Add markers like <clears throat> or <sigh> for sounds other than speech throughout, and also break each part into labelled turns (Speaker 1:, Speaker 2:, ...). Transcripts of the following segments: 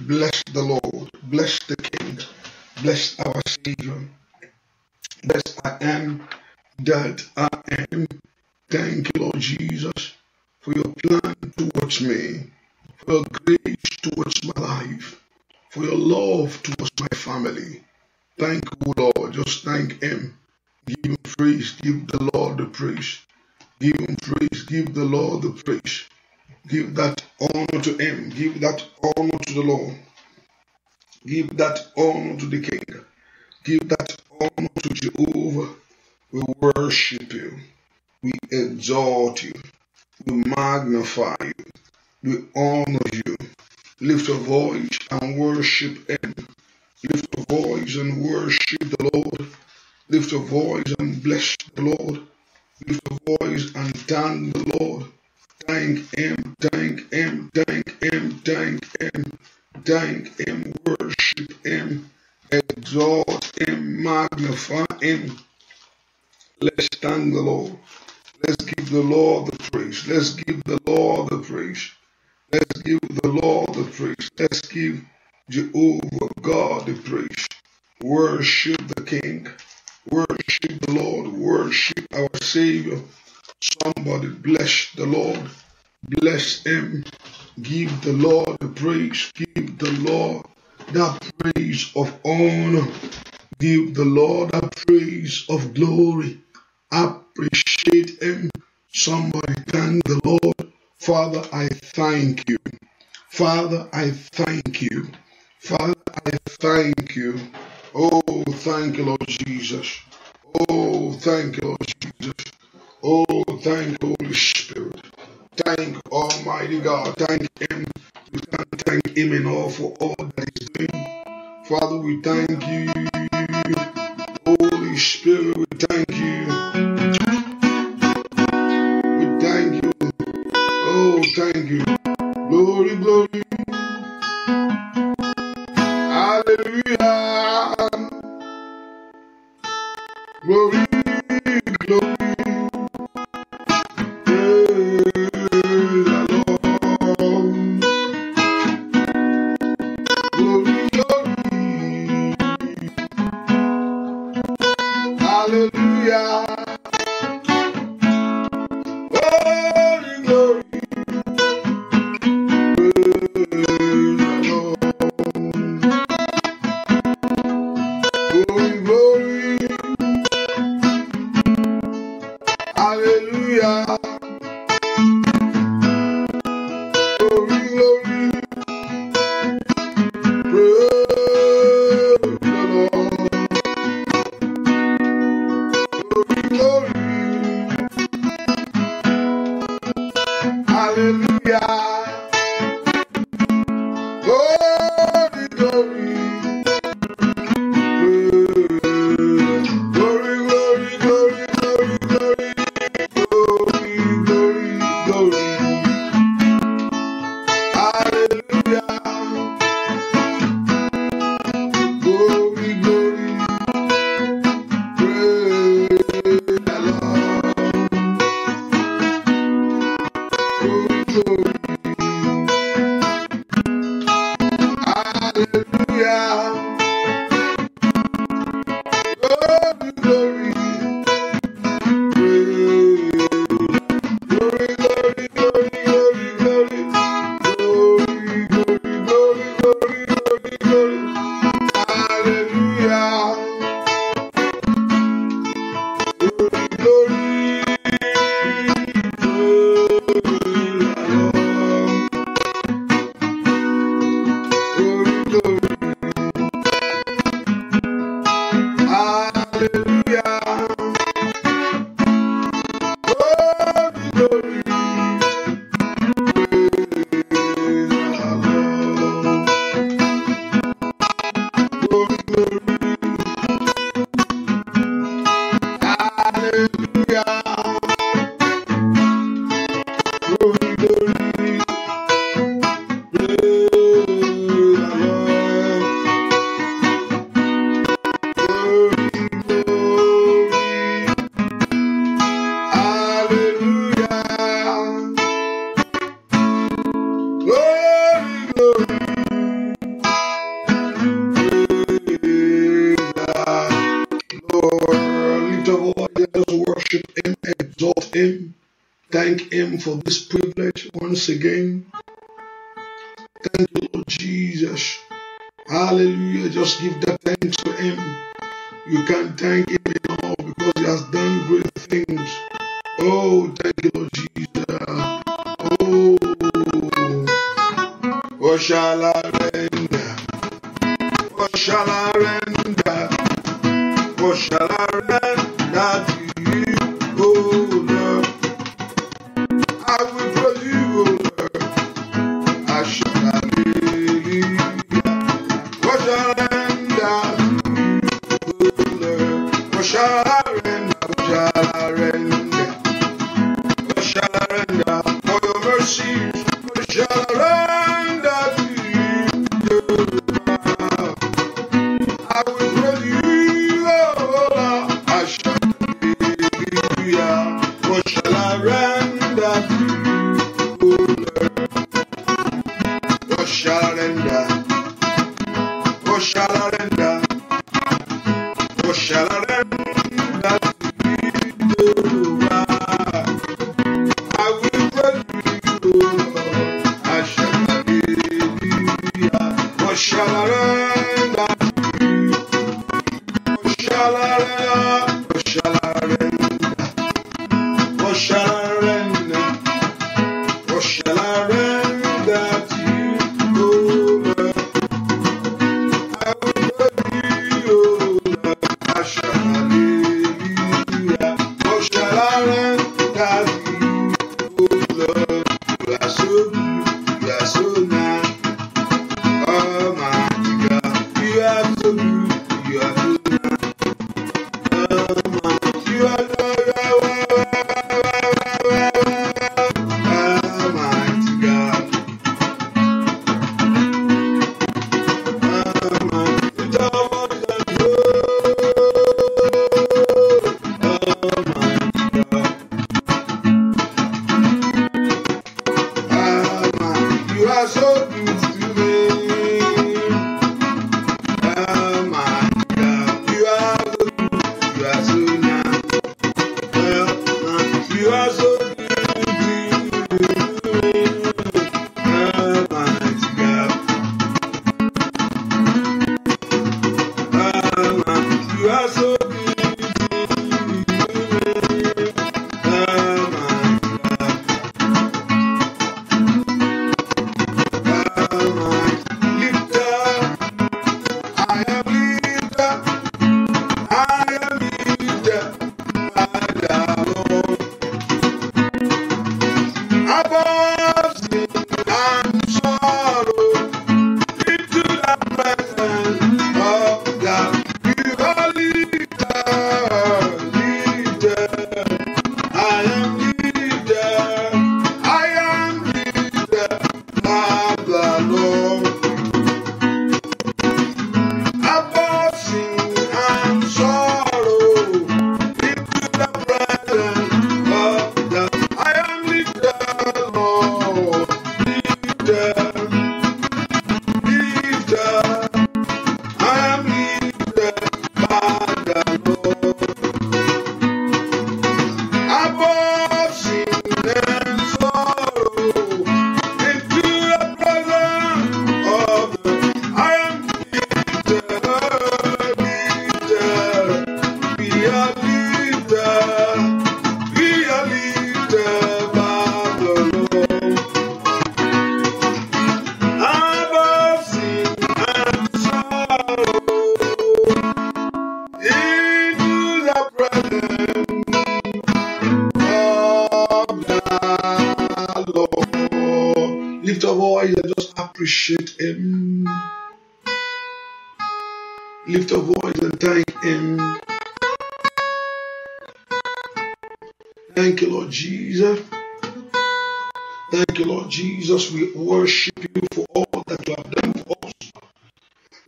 Speaker 1: Bless the Lord. Bless the King. Bless our Savior. Bless I am that I am. Thank you, Lord Jesus, for your plan towards me, for your grace towards my life, for your love towards my family. Thank you, Lord. Just thank Him. Give Him praise. Give the Lord the praise. Give Him praise. Give the Lord the praise. Give that honor to Him. Give that honor to the Lord. Give that honor to the King. Give that honor to Jehovah. We worship you. We exalt you. We magnify you. We honor you. Lift a voice and worship Him. Lift a voice and worship the Lord. Lift a voice and bless the Lord. Lift a voice and thank the Lord. Dank Him, dank Him, dank Him, dank Him, dank Him, worship Him, exalt Him, magnify Him. Let's thank the Lord. Let's give the Lord the praise. Let's give the Lord the praise. Let's give the Lord the praise. Let's give Jehovah God the praise. Worship the King. Worship the Lord. Worship our Savior. Somebody bless the Lord. Bless him. Give the Lord the praise. Give the Lord that praise of honor. Give the Lord a praise of glory. Appreciate him. Somebody thank the Lord. Father, I thank you. Father, I thank you. Father, I thank you. Oh, thank you, Lord Jesus. Oh, thank you, Lord Jesus. Oh, thank Holy Spirit. Thank Almighty God. Thank Him. We can thank Him all for all that He's doing. Father, we thank you. Holy Spirit, for this privilege once again. Thank you, Lord Jesus. Hallelujah. Just give that thanks to Him. You can't thank Him all because He has done great things. Oh, thank you, Lord Jesus. Oh, what shall I render? What shall I render? What shall I render?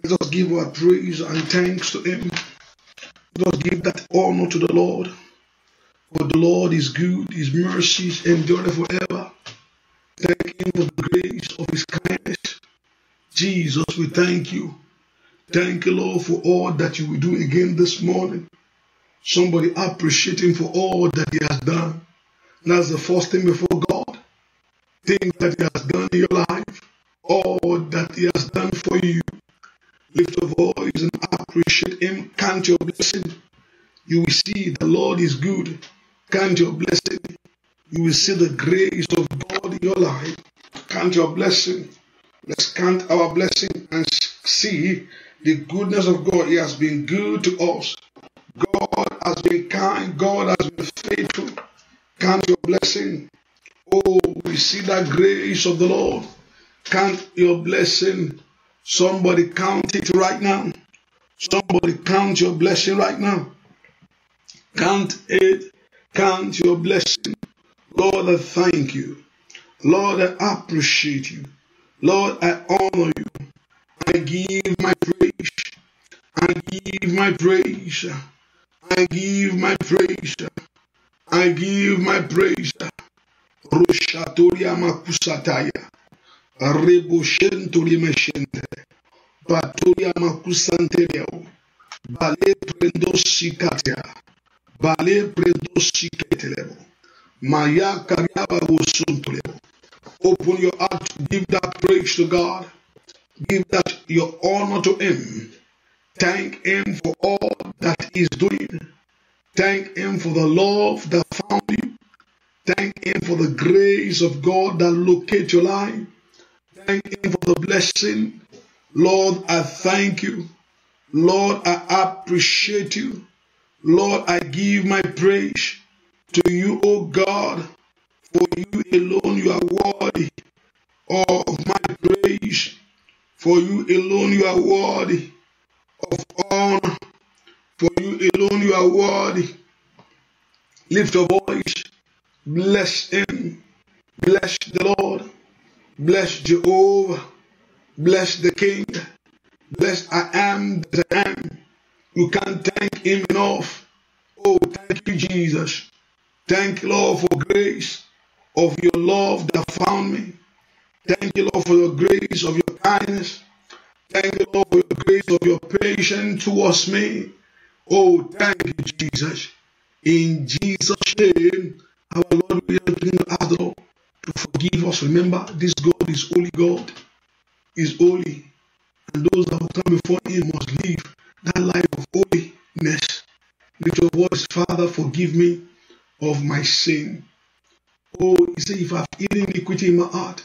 Speaker 1: Just us give our praise and thanks to Him. Let us give that honor to the Lord. For the Lord is good, His mercies endure forever. Thank Him for the grace of His kindness. Jesus, we thank you. Thank you, Lord, for all that you will do again this morning. Somebody appreciate Him for all that He has done. And that's the first thing before God. Things that He has done in your life, all that He has done for you. Lift your voice and appreciate Him. Count your blessing. You will see the Lord is good. Count your blessing. You will see the grace of God in your life. Count your blessing. Let's count our blessing and see the goodness of God. He has been good to us. God has been kind. God has been faithful. Count your blessing. Oh, we see that grace of the Lord. Count your blessing. Somebody count it right now. Somebody count your blessing right now. Count it. Count your blessing. Lord, I thank you. Lord, I appreciate you. Lord, I honor you. I give my praise. I give my praise. I give my praise. I give my praise. Roshatoria makusataya. Rebushenturi meshente. Paturia makusanteleo. Bale prendosikatia. Bale prendosiketeleo. Maya kariaba wusuntuleo. Open your heart. Give that praise to God. Give that your honor to Him. Thank Him for all that He's doing. Thank Him for the love that found you. Thank Him for the grace of God that locates your life. Thank you for the blessing. Lord, I thank you. Lord, I appreciate you. Lord, I give my praise to you, O God. For you alone you are worthy of my praise. For you alone you are worthy of honor. For you alone you are worthy. Lift your voice. Bless him. Bless the Lord. Bless Jehovah. Bless the King. Bless I am that I am. You can't thank him enough. Oh, thank you, Jesus. Thank you, Lord, for grace of your love that found me. Thank you, Lord, for your grace of your kindness. Thank you, Lord, for your grace of your patience towards me. Oh, thank you, Jesus. In Jesus' name, our Lord, we are doing the to forgive us. Remember, this God is holy God, is holy. And those that will come before him must live that life of holiness. Little voice, Father, forgive me of my sin. Oh, he said, if I've hidden iniquity in my heart,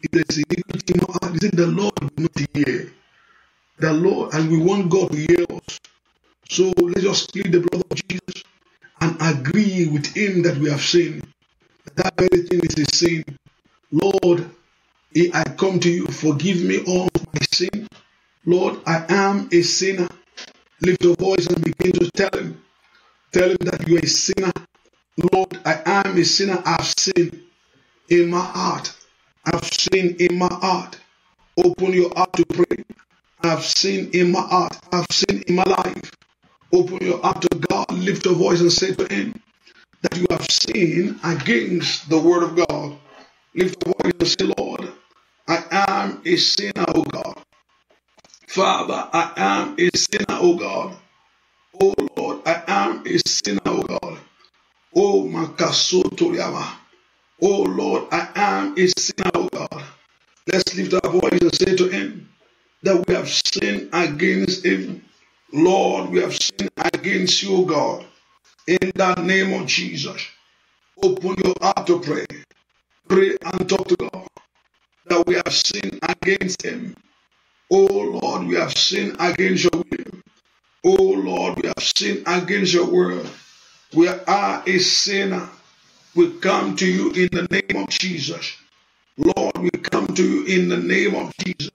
Speaker 1: if there's iniquity in my heart, he said, the Lord will not hear. The Lord, and we want God to hear us. So let us plead the blood of Jesus and agree with him that we have sinned that very thing is a sin. Lord, I come to you, forgive me all my sin. Lord, I am a sinner. Lift your voice and begin to tell him. Tell him that you are a sinner. Lord, I am a sinner. I've sinned in my heart. I've sinned in my heart. Open your heart to pray. I've sinned in my heart. I've sinned in my life. Open your heart to God. Lift your voice and say to him, that you have sinned against the word of God. Lift up voice and say, Lord, I am a sinner, O God. Father, I am a sinner, O God. O Lord, I am a sinner, O God. O Makasotoriama. O Lord, I am a sinner, O God. Let's lift our voice and say to him that we have sinned against him. Lord, we have sinned against you, O God. In the name of Jesus, open your heart to pray. Pray and talk to God that we have sinned against Him. Oh Lord, we have sinned against your will. Oh Lord, we have sinned against your word. We are a sinner. We come to you in the name of Jesus. Lord, we come to you in the name of Jesus.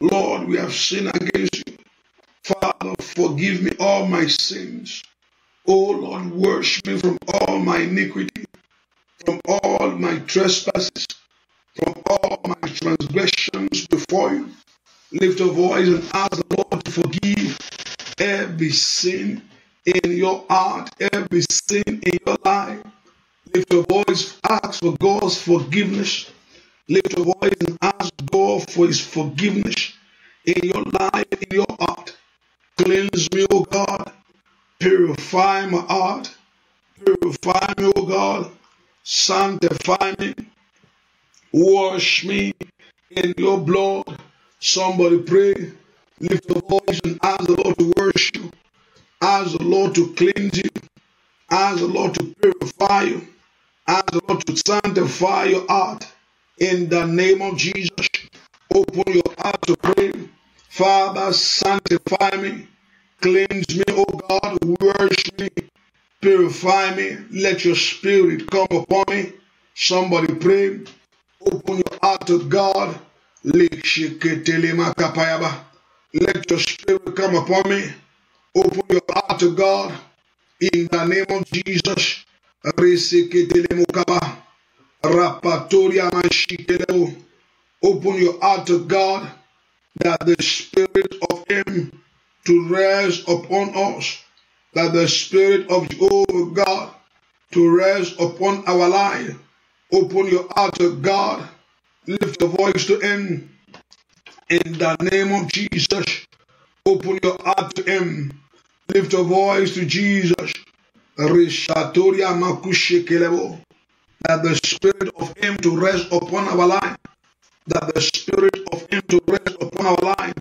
Speaker 1: Lord, we have sinned against you. Father, forgive me all my sins. O Lord, wash me from all my iniquity, from all my trespasses, from all my transgressions before you. Lift your voice and ask the Lord to forgive every sin in your heart, every sin in your life. Lift your voice, ask for God's forgiveness. Lift your voice and ask God for His forgiveness in your life, in your heart. Cleanse me, O God. Purify my heart. Purify me, O God. Sanctify me. Wash me in your blood. Somebody pray. Lift your voice and ask the Lord to worship you. Ask the Lord to cleanse you. Ask the Lord to purify you. Ask the Lord to sanctify your heart. In the name of Jesus, open your heart to pray. Father, sanctify me. Cleanse me, O God. Wash me. Purify me. Let your spirit come upon me. Somebody pray. Open your heart to God. Let your spirit come upon me. Open your heart to God. In the name of Jesus. Open your heart to God that the spirit of Him to rest upon us, that the Spirit of Jehovah God to rest upon our life. Open your heart to God. Lift your voice to Him. In the name of Jesus, open your heart to Him. Lift your voice to Jesus. That the spirit of Him to rest upon our life. That the spirit of Him to rest upon our life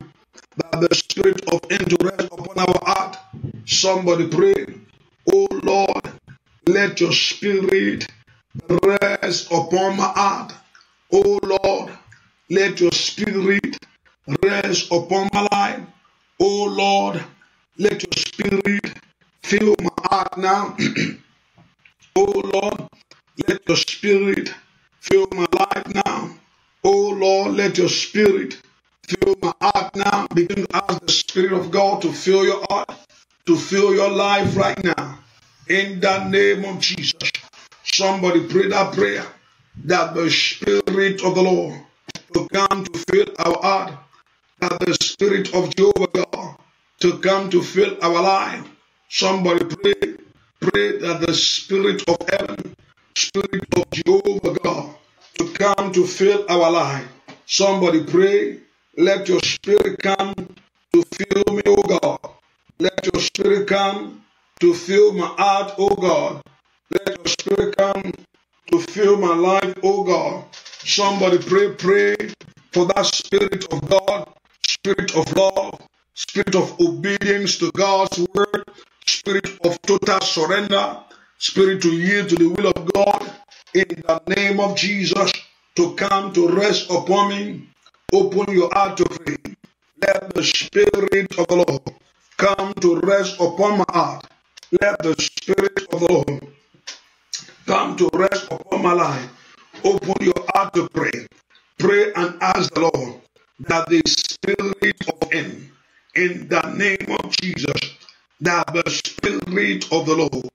Speaker 1: that the spirit of endurance upon our heart. Somebody pray, Oh Lord, let your spirit rest upon my heart. Oh Lord, let your spirit rest upon my life. Oh Lord, let your spirit fill my heart now. <clears throat> oh Lord, let your spirit fill my life now. Oh Lord, let your spirit Fill my heart now. Begin to ask the Spirit of God to fill your heart, to fill your life right now. In the name of Jesus. Somebody pray that prayer that the Spirit of the Lord to come to fill our heart, that the Spirit of Jehovah God to come to fill our life. Somebody pray, pray that the Spirit of heaven, Spirit of Jehovah God to come to fill our life. Somebody pray let your spirit come to fill me, O God. Let your spirit come to fill my heart, O God. Let your spirit come to fill my life, O God. Somebody pray, pray for that spirit of God, spirit of love, spirit of obedience to God's word, spirit of total surrender, spirit to yield to the will of God in the name of Jesus to come to rest upon me Open your heart to pray. Let the Spirit of the Lord come to rest upon my heart. Let the Spirit of the Lord come to rest upon my life. Open your heart to pray. Pray and ask the Lord that the Spirit of Him, in the name of Jesus, that the Spirit of the Lord,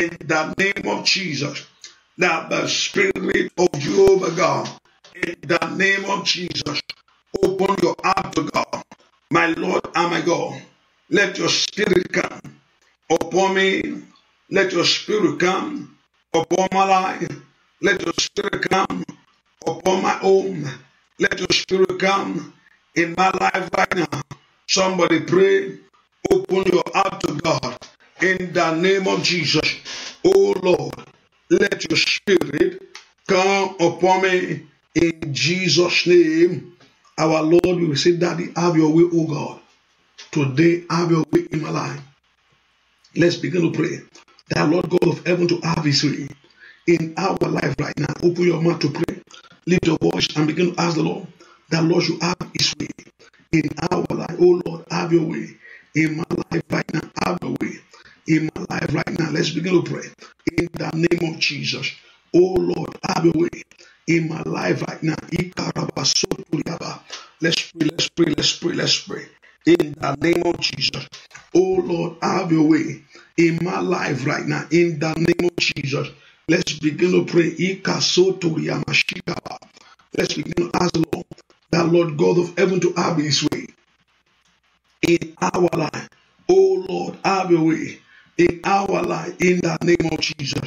Speaker 1: in the name of Jesus, that the Spirit of Jehovah God in the name of Jesus. Open your heart to God. My Lord and my God, let your spirit come upon me. Let your spirit come upon my life. Let your spirit come upon my home. Let your spirit come in my life right now. Somebody pray. Open your heart to God in the name of Jesus. Oh Lord, let your spirit come upon me In Jesus' name, our Lord, we will say, Daddy, have your way, O God. Today, have your way in my life. Let's begin to pray. That Lord God of heaven to have his way in our life right now. Open your mouth to pray. Lift your voice and begin to ask the Lord that Lord should have his way in our life. Oh Lord, have your way in my life right now. Have your way in my life right now. Let's begin to pray in the name of Jesus. Oh Lord, have your way in my life right now. Let's pray, let's pray, let's pray, let's pray. In the name of Jesus. Oh Lord, have your way in my life right now. In the name of Jesus. Let's begin to pray. Let's begin to ask the Lord, that Lord God of heaven to have his way in our life. Oh Lord, have your way in our life in the name of Jesus.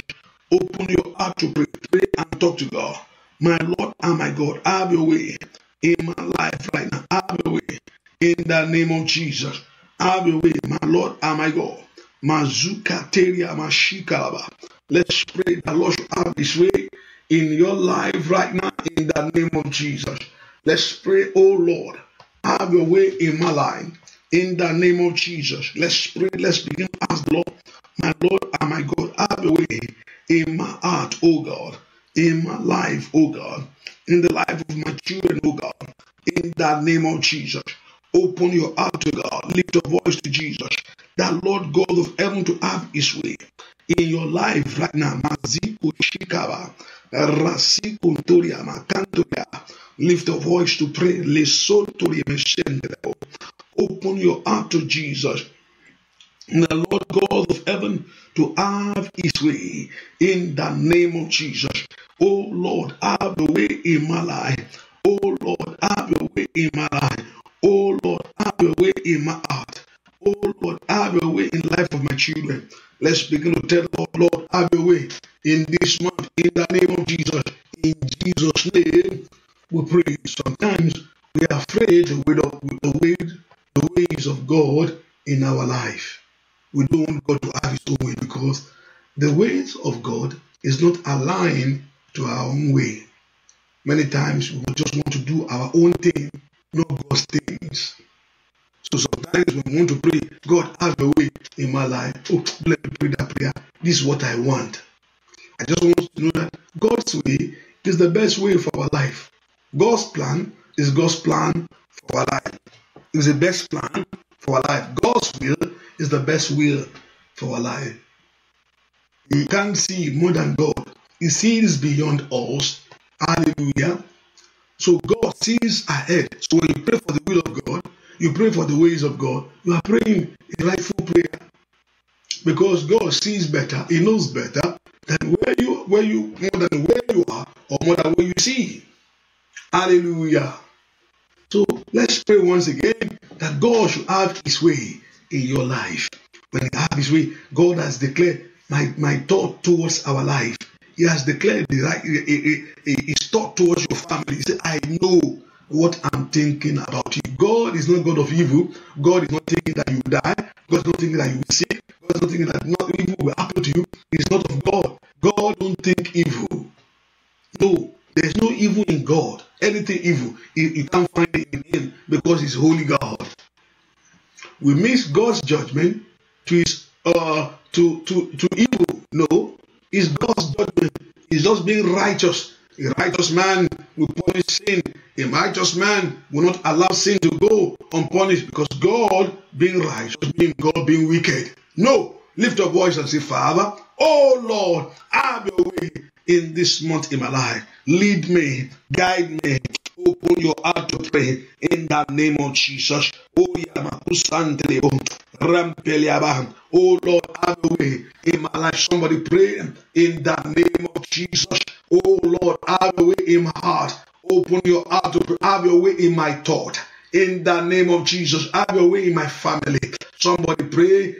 Speaker 1: Open your heart to pray, pray and talk to God. My Lord and my God, have your way in my life right now. Have your way in the name of Jesus. Have your way, my Lord and my God. Mazuka teria mashikalaba. Let's pray the Lord should have his way in your life right now in the name of Jesus. Let's pray, oh Lord, have your way in my life in the name of Jesus. Let's pray, let's begin to ask the Lord, my Lord and my God, have your way in my heart, oh God in my life, oh God, in the life of my children, oh God, in the name of Jesus. Open your heart to God, lift your voice to Jesus, that Lord God of heaven to have his way in your life right now. Maziku Shikaba, Rasiku Toriama, Kantoria. Lift your voice to pray. Open your heart to Jesus. And the Lord God of heaven to have his way in the name of Jesus. Oh Lord, have your way in my life. Oh Lord, have your way in my life. Oh Lord, have your way in my heart. Oh Lord, have your way in life of my children. Let's begin to tell Lord, Lord, have your way in this month in the name of Jesus. In Jesus' name, we pray. Sometimes we are afraid with the, the ways of God in our life. We don't want God to have His own way because the ways of God is not aligned to our own way. Many times we just want to do our own thing, not God's things. So sometimes when we want to pray, God have a way in my life. Oh, let me pray that prayer. This is what I want. I just want to know that God's way is the best way for our life. God's plan is God's plan for our life. It's the best plan for our life. God's will is the best will for our life. You can't see more than God. He sees beyond us. Hallelujah. So God sees ahead. So when you pray for the will of God, you pray for the ways of God, you are praying a rightful prayer. Because God sees better, He knows better than where you where you more than where you are or more than where you see. Hallelujah. So let's pray once again that God should have his way in your life. When he has his way, God has declared my, my thought towards our life he has declared desire. he's thought towards your family. He said, I know what I'm thinking about you. God is not God of evil. God is not thinking that you die. God is not thinking that you will sick. God is not thinking that not evil will happen to you. It's not of God. God don't think evil. No, there's no evil in God. Anything evil, you can't find it in Him because He's holy God. We miss God's judgment to His uh to to to evil. No, Is God's judgment. It's just being righteous. A righteous man will punish sin. A righteous man will not allow sin to go unpunished because God being righteous means God being wicked. No. Lift your voice and say, Father, oh Lord, have your way in this month in my life. Lead me, guide me, Open your heart to pray in the name of Jesus. Oh, Oh Lord, have your way in my life. Somebody pray in the name of Jesus. Oh Lord, have your way in my heart. Open your heart to pray. Have your way in my thought. In the name of Jesus, have your way in my family. Somebody pray.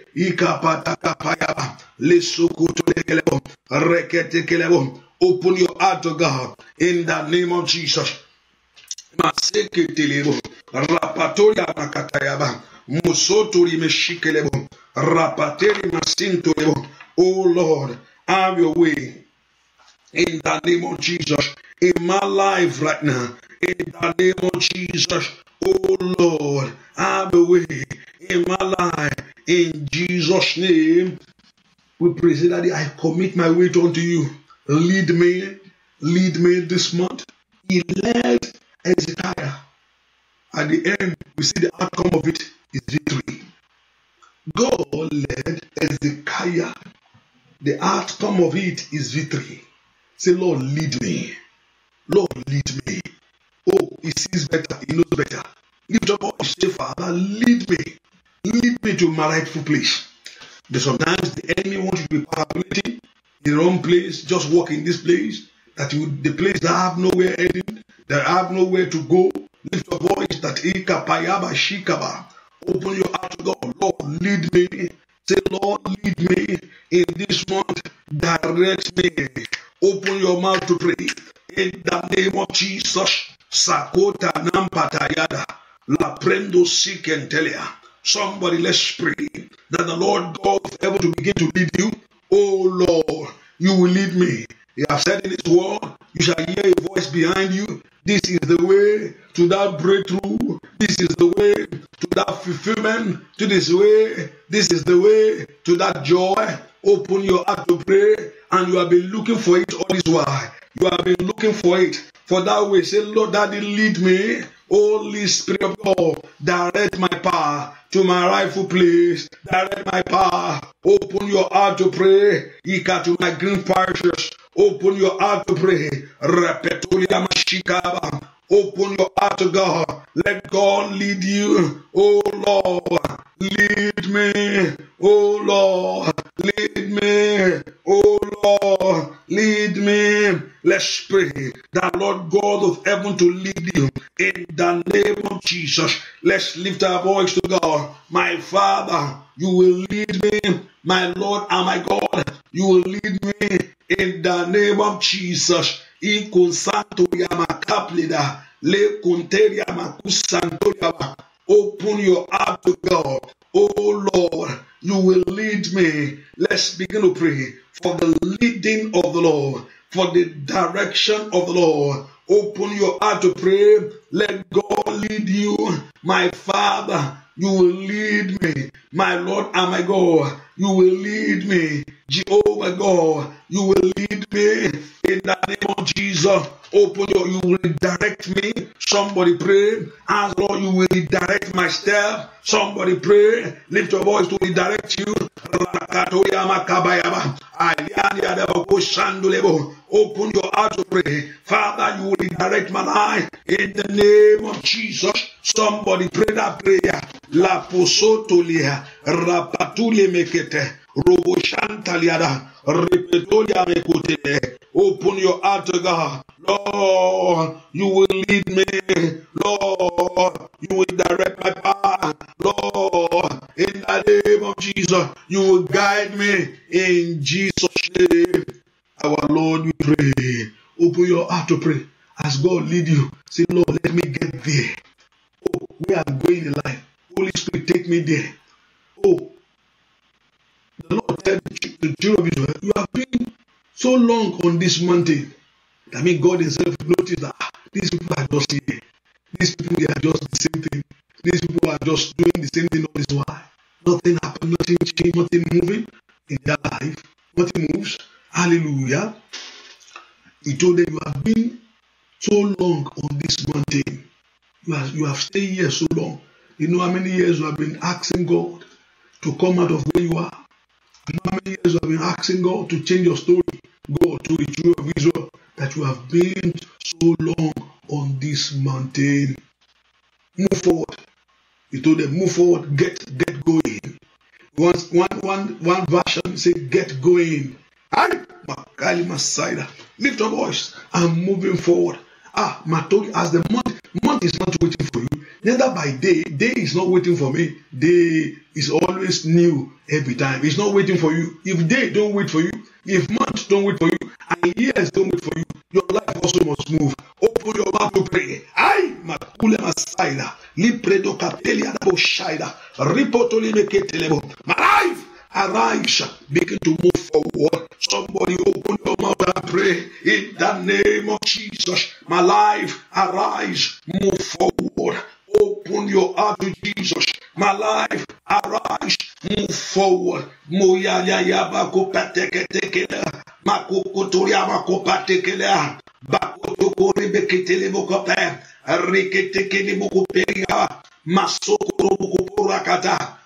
Speaker 1: Open your heart to God in the name of Jesus. maseketelebo rapatoria makatayaba musotori meshikelebo rapateri masintolebo oh lord have your way in the name of jesus in my life right now in the name of jesus oh lord have your way in my life in jesus name we pray that i commit my weight unto you lead me lead me this month he led Hezekiah. At the end, we see the outcome of it is victory. God led Hezekiah. The outcome of it is victory. Say, Lord, lead me. Lord, lead me. Oh, he sees better. He knows better. Lift up your say, Father, lead me. Lead me to my rightful place. But sometimes the enemy wants you to be paraplegic in the wrong place, just walk in this place. that you, the place that have nowhere ending, that have nowhere to go, lift your voice that ikapayaba shikaba. Open your heart to God. Lord, lead me. Say, Lord, lead me in this month. Direct me. Open your mouth to pray. In the name of Jesus. Sakota nampatayada. La prendo sikentelia. Somebody, let's pray that the Lord God of heaven to begin to lead you. Oh Lord, you will lead me. He has said in his word, you shall hear a voice behind you. This is the way to that breakthrough. This is the way to that fulfillment. To this way, this is the way to that joy. Open your heart to pray, and you have been looking for it all this while. You have been looking for it. For that way, say, Lord, Daddy, lead me. Holy Spirit of God, direct my power to my rightful place. Direct my power. Open your heart to pray. Ika to my green parishes. Open your heart to pray. Repetulia Mashikaba. Open your heart to God. Let God lead you. Oh Lord. Lead me, O Lord. Lead me, O Lord. Lead me. Let's pray that Lord God of heaven to lead you in the name of Jesus. Let's lift our voice to God. My Father, you will lead me. My Lord and my God, you will lead me in the name of Jesus. In consanto yamakaplida, le conteria makusanto yamakaplida. Open your heart to God. Oh Lord, you will lead me. Let's begin to pray for the leading of the Lord, for the direction of the Lord. Open your heart to pray. Let God lead you. My Father, you will lead me. My Lord and my God, you will lead me. Jehovah God, you will lead me in the name of Jesus. Open your, you will direct me. Somebody pray. Ask Lord, you will direct my step. Somebody pray. Lift your voice to redirect you. Open your heart to pray. Father, you will direct my life in the name of Jesus. Somebody pray that prayer. La posotolia rapatule mekete. Open your heart to God. Lord, you will lead me. Lord, you will direct my path. Lord, in the name of Jesus, you will guide me. In Jesus' name, our Lord, we pray. Open your heart to pray. As God lead you, say, Lord, let me get there. Oh, we are going in life. Holy Spirit, take me there. Oh, the children of Israel, you have been so long on this mountain. I mean, God Himself noticed that ah, these people are just here. These people they are just the same thing. These people are just doing the same thing all this while. Nothing happened, nothing changed, nothing moving in their life. Nothing moves. Hallelujah. He told them, You have been so long on this mountain. You have, you have stayed here so long. You know how many years you have been asking God to come out of where you are. How many years have been asking God to change your story, God, to the children of Israel, that you have been so long on this mountain? Move forward. He told them, move forward, get get going. One one one one version said, get going. I Makali Masaida. Lift your voice. I'm moving forward. Ah, Matori, as the month is not waiting for you, neither by day. Day is not waiting for me. Day is always new every time. It's not waiting for you. If day don't wait for you, if months don't wait for you, and years don't wait for you, your life also must move. Open your mouth to pray. I makule masaida. Lipredo kapelia dabo shaida. meke telebo My life Arise, begin to move forward. Somebody open your mouth and pray in the name of Jesus. My life, arise, move forward. Open your heart to Jesus. My life, arise, move forward.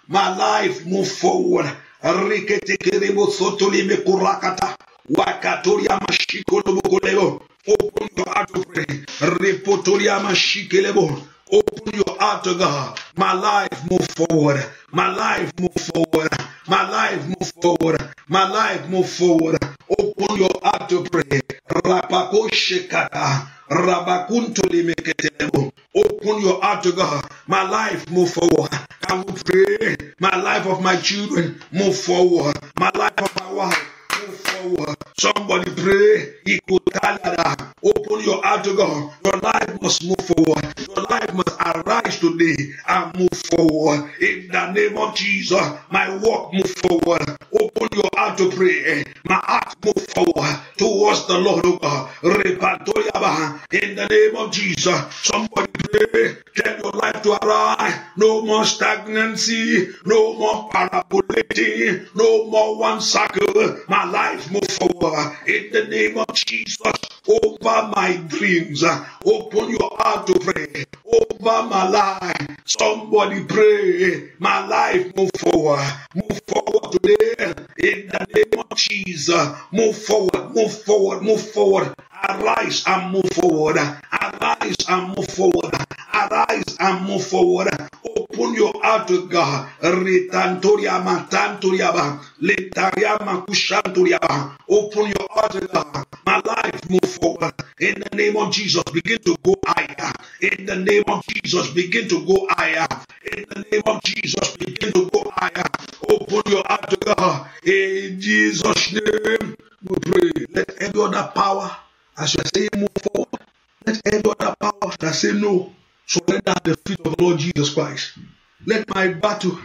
Speaker 1: My life, move forward. Riketekerebo sotoli mekurakata. Wakatoria mashiko lobokolebo. Open your heart to pray. Repotoria mashikelebo. Open your heart to God. My life move forward. My life move forward. My life move forward. My life move forward. Open your heart to pray. Rapako shekata. Rabakunto limeketebo. Open your heart to God. My life move forward. I will pray. My life of my children move forward. My life of my wife move forward. Somebody pray. Open your heart to God. Your life must move forward. Your life must arise today and move forward. In the name of Jesus, my walk move forward. Open your heart to pray. My heart move forward towards the Lord of God. In the name of Jesus, somebody pray. Tell your life to arise. No more stagnancy. No more parabolating. No more one cycle. My life move forward in the name of Jesus. Over my dreams, uh, open your heart to pray. Over my life, somebody pray. My life move forward, move forward today in the name of Jesus. Move forward, move forward, move forward. Arise and move forward. Arise and move forward. Arise and move forward. Open your heart to God. Retantoria matanturiaba. Letariama kushanturiaba. Open your heart to God. My life move forward. In the name of Jesus, begin to go higher. In the name of Jesus, begin to go higher. In the name of Jesus, begin to go higher. Open your heart to God. In Jesus' name, we pray. Let every other power As you are saying, move forward. Let every other power that say no surrender at the feet of Lord Jesus Christ. Let my battle,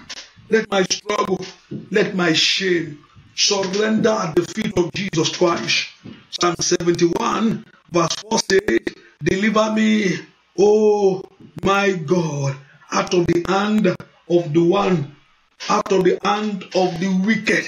Speaker 1: let my struggle, let my shame surrender at the feet of Jesus Christ. Psalm 71, verse 4 says, Deliver me, O my God, out of the hand of the one, out of the hand of the wicked.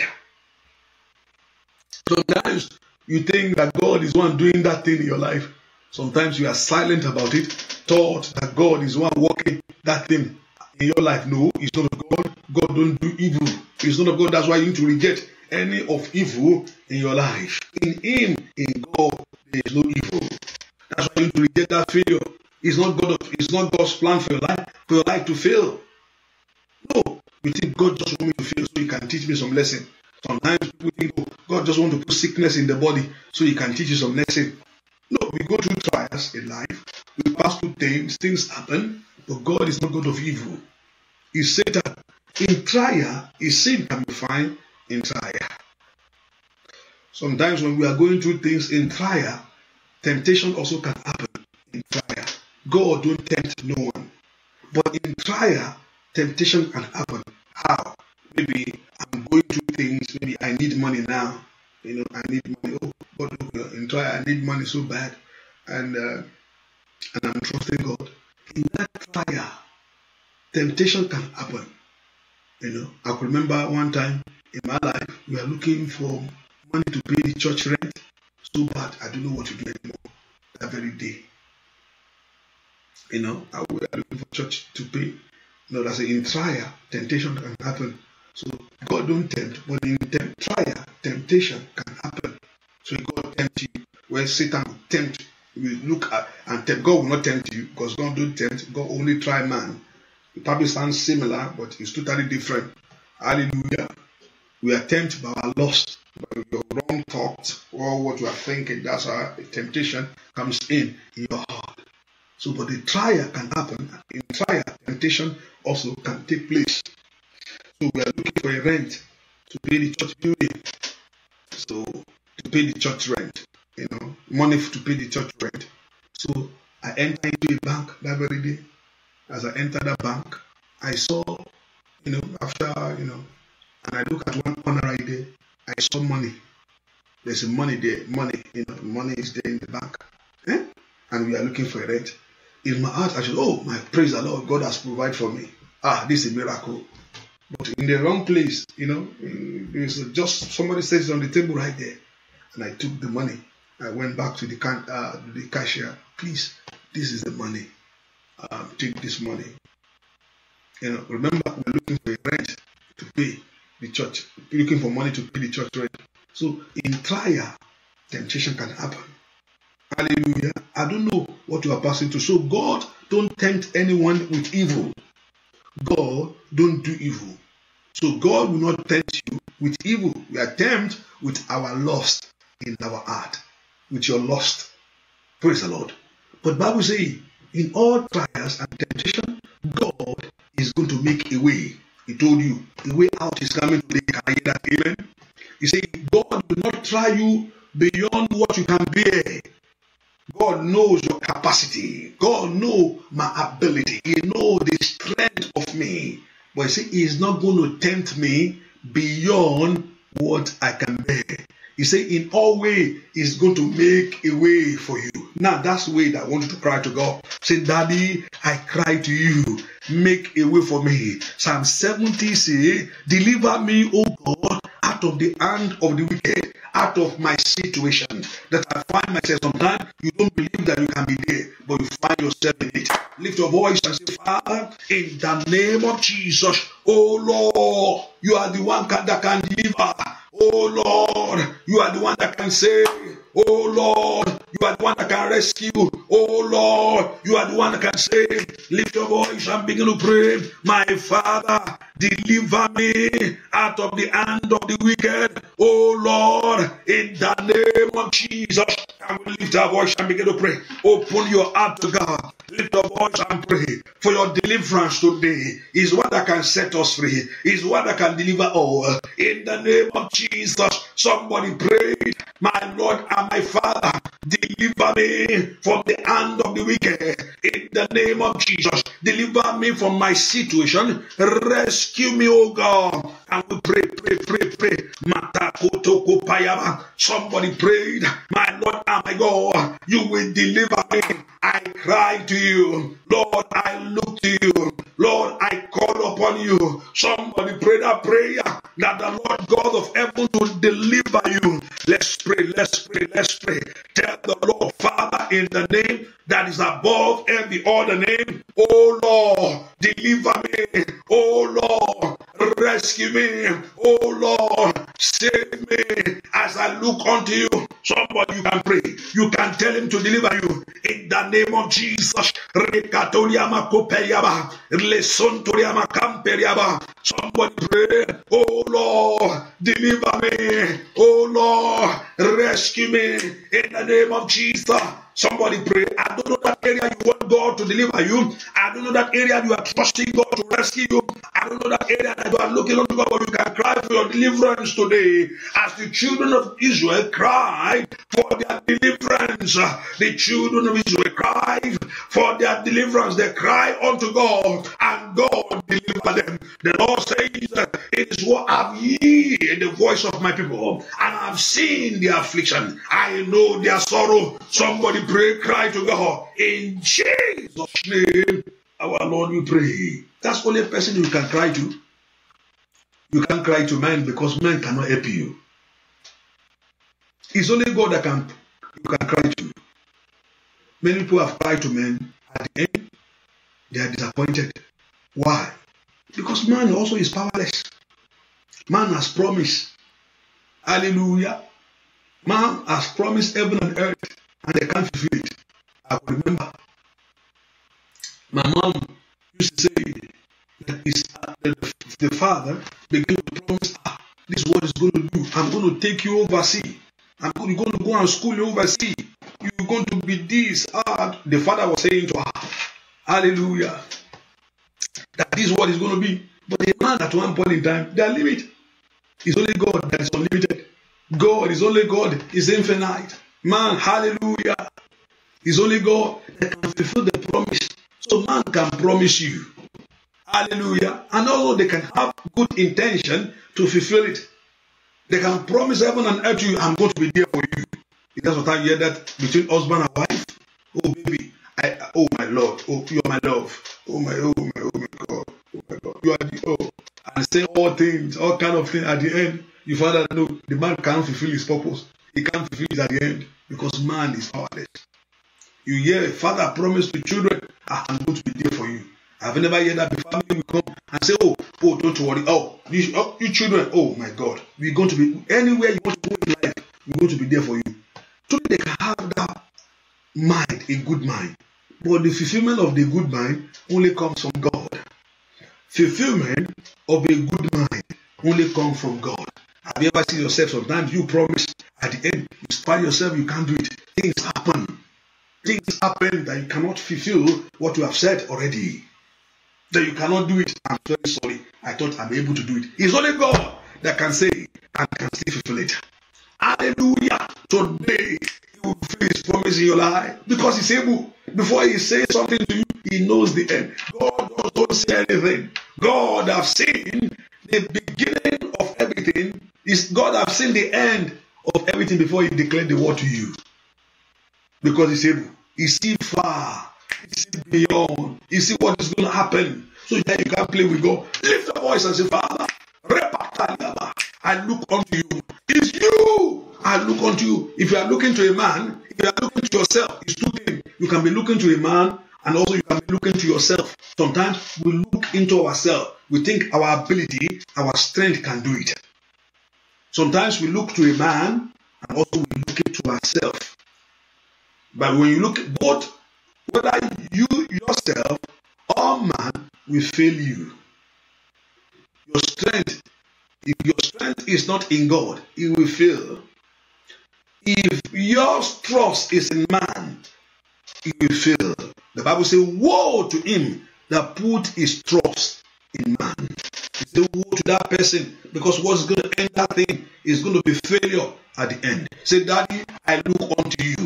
Speaker 1: Sometimes you think that God is one doing that thing in your life. Sometimes you are silent about it, thought that God is one working that thing in your life. No, it's not of God. God don't do evil. It's not of God. That's why you need to reject any of evil in your life. In Him, in God, there is no evil. That's why you need to reject that failure. It's not God. Of, it's not God's plan for your life. For your life to fail. No, you think God just want me to fail so He can teach me some lesson. Sometimes we think oh, God just wants to put sickness in the body so He can teach you some lesson. No, we go through trials in life. We pass through things. Things happen, but God is not God of evil. He said that in trial, His sin can be found in trial. Sometimes when we are going through things in trial, temptation also can happen in trial. God don't tempt no one, but in trial, temptation can happen. How? maybe I'm going through things, maybe I need money now. You know, I need money. Oh, God, look, uh, in try, I need money so bad. And, uh, and I'm trusting God. In that fire, temptation can happen. You know, I could remember one time in my life, we are looking for money to pay the church rent so bad, I don't know what to do anymore that very day. You know, I was looking for church to pay. No, that's in trial, temptation can happen. God don't tempt, but in tempt, trial, temptation can happen. So God tempt you. Where Satan will tempt, will look at and tempt. God will not tempt you because God don't tempt. God only try man. It probably sounds similar, but it's totally different. Hallelujah. We are tempted by our lust, by your wrong thoughts, or what you are thinking. That's how temptation comes in in your heart. So, but the trial can happen. In trial, temptation also can take place. So we are looking for a rent to pay the church building. So to pay the church rent, you know, money to pay the church rent. So I entered into a bank that very day. As I entered the bank, I saw, you know, after, you know, and I look at one corner right there, I saw money. There's money there, money, you know, money is there in the bank. Eh? And we are looking for a rent. In my heart, I said, Oh, my praise the Lord, God has provided for me. Ah, this is a miracle but in the wrong place, you know, eh, it's just somebody says on the table right there, and I took the money. I went back to the can, uh, the cashier. Please, this is the money. Um, take this money. You know, remember we're looking for rent to pay the church, we're looking for money to pay the church rent. So in trial, temptation can happen. Hallelujah. I don't know what you are passing through. So God don't tempt anyone with evil. God don't do evil. So God will not tempt you with evil. We are tempted with our lust in our heart, with your lust. Praise the Lord. But Bible says, in all trials and temptation, God is going to make a way. He told you the way out is coming to the I hear Amen. He said, God will not try you beyond what you can bear. God knows your capacity. God knows my ability. He knows the strength of me. But you see, He's not going to tempt me beyond what I can bear. He said, in all way, He's going to make a way for you. Now, that's the way that I want you to cry to God. Say, Daddy, I cry to you. Make a way for me. Psalm 70 say, Deliver me, O God, out of the hand of the wicked out of my situation that I find myself. Sometimes you don't believe that you can be there, but you find yourself in it. Lift your voice and say, Father, in the name of Jesus, oh Lord, you are the one that can deliver. Oh Lord, you are the one that can say. Oh Lord, you are the one that can rescue. Oh Lord, you are the one that can save. Lift your voice and begin to pray. My Father, deliver me out of the hand of the wicked. Oh Lord, in the name of Jesus, and we lift our voice and begin to pray. Open your heart to God. Lift your voice and pray for your deliverance today. Is what that can set us free. Is what that can deliver all. In the name of Jesus, somebody pray, my Lord and my Father, deliver me from the hand of the wicked. In the name of Jesus, deliver me from my situation. Rescue me, O God and we pray, pray, pray, pray. Somebody prayed, My Lord and my God, you will deliver me. I cry to you, Lord, I look to you, Lord, I call upon you. Somebody pray that prayer that the Lord God of heaven will deliver you. Let's pray, let's pray, let's pray. Tell the Lord, Father, in the name that is above every other name. Oh Lord, deliver me. Oh Lord, rescue me. Oh Lord, save me as I look unto you. Somebody you can pray. You can tell him to deliver you in the name of Jesus. Somebody pray. Oh Lord, deliver me. Oh Lord, rescue me in the name of Jesus. Somebody pray. I don't know that area you want God to deliver you. I don't know that area you are trusting God to rescue you. I don't know that area that you are looking unto God, but you can cry for your deliverance today. As the children of Israel cried for their deliverance, uh, the children of Israel cried for their deliverance. They cry unto God, and God delivered them. The Lord says, It is what I've heard the voice of my people, and I've seen their affliction. I know their sorrow. Somebody we pray, cry to God. In Jesus' name, our Lord, we pray. That's only person you can cry to. You can't cry to man because man cannot help you. It's only God that can you can cry to. Many people have cried to men. At the end, they are disappointed. Why? Because man also is powerless. Man has promised. Hallelujah. Man has promised heaven and earth and I can't feel it. I could remember my mom used to say that uh, the, father began to promise, ah, this is what is going to do. I'm going to take you overseas. I'm going to go and school you overseas. You're going to be this. Ah, the father was saying to her, Hallelujah. that this That is what is going to be. But the man at one point in time, they are limited. It's only God that is unlimited. God is only God, is infinite. Man, hallelujah, He's only God that can fulfill the promise. So man can promise you. Hallelujah. And although they can have good intention to fulfill it, they can promise heaven and earth to you, I'm going to be there for you. That's what I hear that between husband and wife. Oh baby, I oh my Lord, oh you are my love. Oh my oh my oh my God. Oh my God. You are the oh. And say all things, all kind of things at the end, you find out no, the man can't fulfill his purpose. He can't fulfill it at the end because man is powerless. You hear a father promise to children, ah, I'm going to be there for you. I've never heard that before. Family will come and say, Oh, oh, don't worry. Oh, you, oh, you children, oh my God, we're going to be anywhere you want to go in life, we're going to be there for you. So they can have that mind, a good mind. But the fulfillment of the good mind only comes from God. Fulfillment of a good mind only comes from God. Have you ever seen yourself? Sometimes you promise at the end, you find yourself, you can't do it. Things happen. Things happen that you cannot fulfill what you have said already. That you cannot do it. I'm very sorry. I thought I'm able to do it. It's only God that can say and can still fulfill it. Hallelujah. Today, you will fulfill his promise in your life because he's able. Before he says something to you, he knows the end. God don't say anything. God have seen the beginning God, God have seen the end of everything before He declared the word to you. Because He's able. He see far. He see beyond. He see what is going to happen. So that you can play with God. Lift your voice and say, Father, I look unto you. It's you. I look unto you. If you are looking to a man, if you are looking to yourself, it's two things. You can be looking to a man, and also you can be looking to yourself. Sometimes we look into ourselves. We think our ability, our strength can do it. Sometimes we look to a man and also we look to ourselves. But when you look both, whether you yourself or man will fail you. Your strength, if your strength is not in God, it will fail. If your trust is in man, it will fail. The Bible says, Woe to him that put his trust in man. The word to that person because what's going to end that thing is going to be failure at the end. Say, Daddy, I look unto you.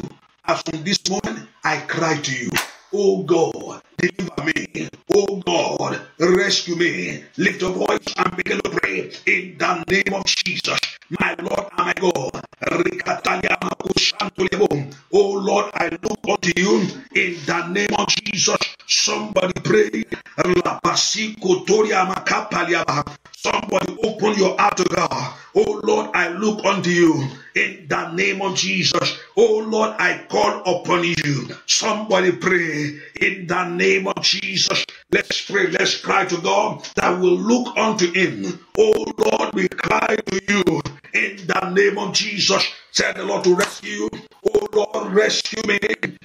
Speaker 1: As from this moment, I cry to you. Oh God, deliver me. Oh God, rescue me. Lift your voice and begin to pray in the name of Jesus. My Lord and my God. Oh Lord, I look unto you in the name of Jesus. Somebody pray. Somebody open your heart to God. Oh Lord, I look unto you in the name of Jesus. Oh Lord, I call upon you. Somebody pray in the name of Jesus. Let's pray. Let's cry to God that we'll look unto Him. Oh Lord, we cry to you in the name of Jesus. send the Lord to rescue. Oh Lord, rescue me.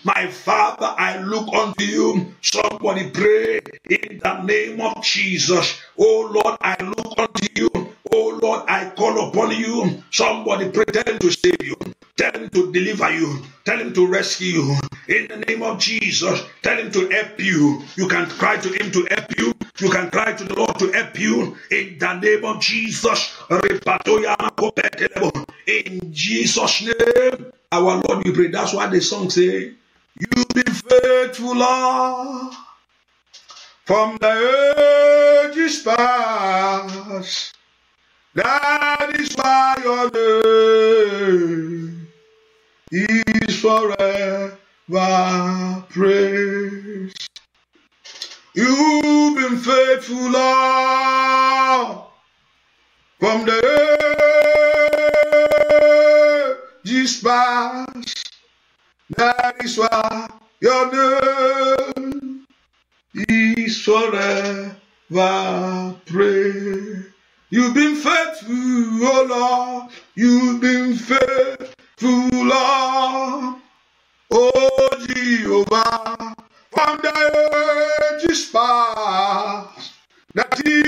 Speaker 1: My Father, I look unto you. Somebody pray in the name of Jesus. Oh Lord, I look unto you. Oh Lord, I call upon you. Somebody pretend to save you. Tell him to deliver you. Tell him to rescue you. In the name of Jesus, tell him to help you. You can cry to him to help you. You can cry to the Lord to help you. In the name of Jesus. In Jesus' name, our Lord, we pray. That's why the song says. You be faithful, Lord, from the ages past. That is why your name is forever praised. You've been faithful, Lord, from the ages past. That is why your name is forever praised. You've been faithful, oh Lord. You've been faithful. Pula, O Jehovah, from the ages past. That, he,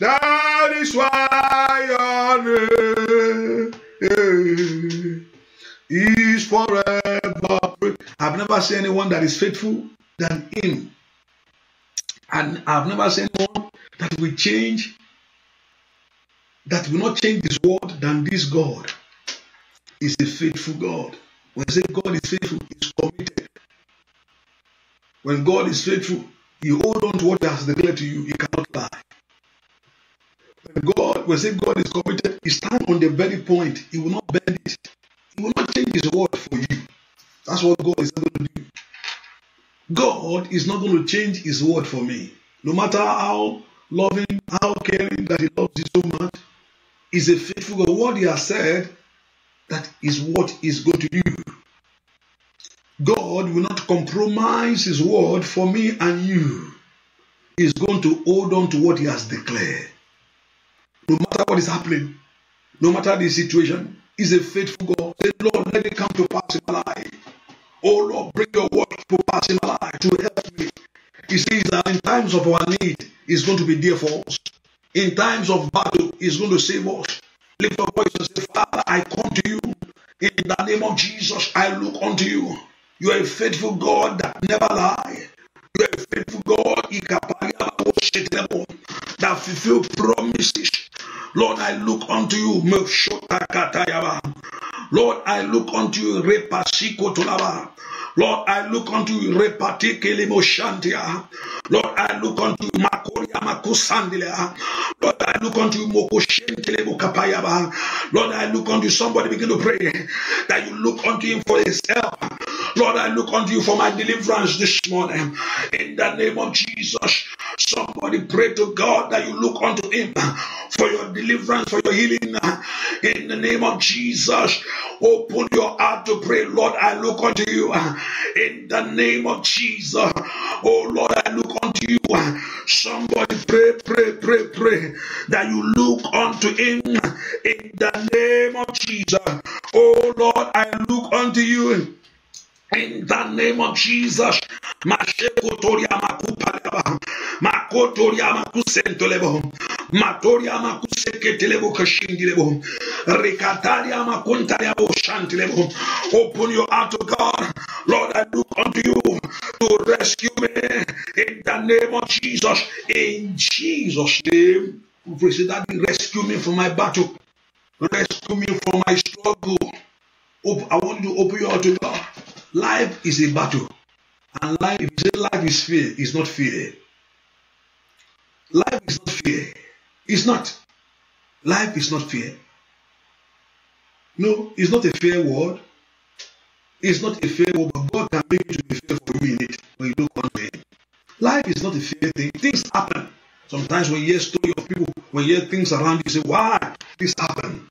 Speaker 1: that is why your name is forever. I've never seen anyone that is faithful than him. And I've never seen anyone that will change, that will not change this world than this God. is a faithful God. When I say God is faithful, He's committed. When God is faithful, He hold on to what He has declared to you. He cannot lie. When God, when I say God is committed, He stands on the very point. He will not bend it. He will not change His word for you. That's what God is going to do. God is not going to change His word for me. No matter how loving, how caring that He loves you so much, He's a faithful God. What He has said that is what is going to do. God will not compromise his word for me and you. He's going to hold on to what he has declared. No matter what is happening, no matter the situation, he's a faithful God. Say, Lord, let it come to pass in my life. Oh Lord, bring your word to pass in my life to help me. He says that in times of our need, he's going to be there for us. In times of battle, he's going to save us. Lift your voice and say, Father, I come to you. In the name of Jesus, I look unto you. You are a faithful God that never lies. You are a faithful God that fulfill promises. Lord, I look unto you. Lord, I look unto you. Lord, I look unto you. Lord, I look unto you. Makoria makusandilia. Lord, I look unto you. Lord, I look unto you. Somebody begin to pray that you look unto him for his help. Lord, I look unto you for my deliverance this morning. In the name of Jesus, somebody pray to God that you look unto him for your deliverance, for your healing. In the name of Jesus, open your heart to pray. Lord, I look unto you. In the name of Jesus, oh Lord, I look unto you. Somebody pray, pray, pray, pray that you look unto him in the name of Jesus. Oh Lord, I look unto you In the name of Jesus. Mashekotoria makupalaba. Makotoria makusentolebo. Matoria kashindi kashindilebo. Rekataria makuntaria boshantilebo. Open your heart to God. Lord, I look unto you to rescue me. In the name of Jesus. In Jesus' name. That rescue me from my battle. Rescue me from my struggle. I want you to open your heart to God. Life is a battle. And life, if you say life is fear, it's not fear. Life is not fear. It's not. Life is not fear. No, it's not a fair word. It's not a fair word, but God can make it to be fair for you in it when you don't comprehend. Life is not a fair thing. Things happen. Sometimes when you hear story of people, when you hear things around you, say, why this happened?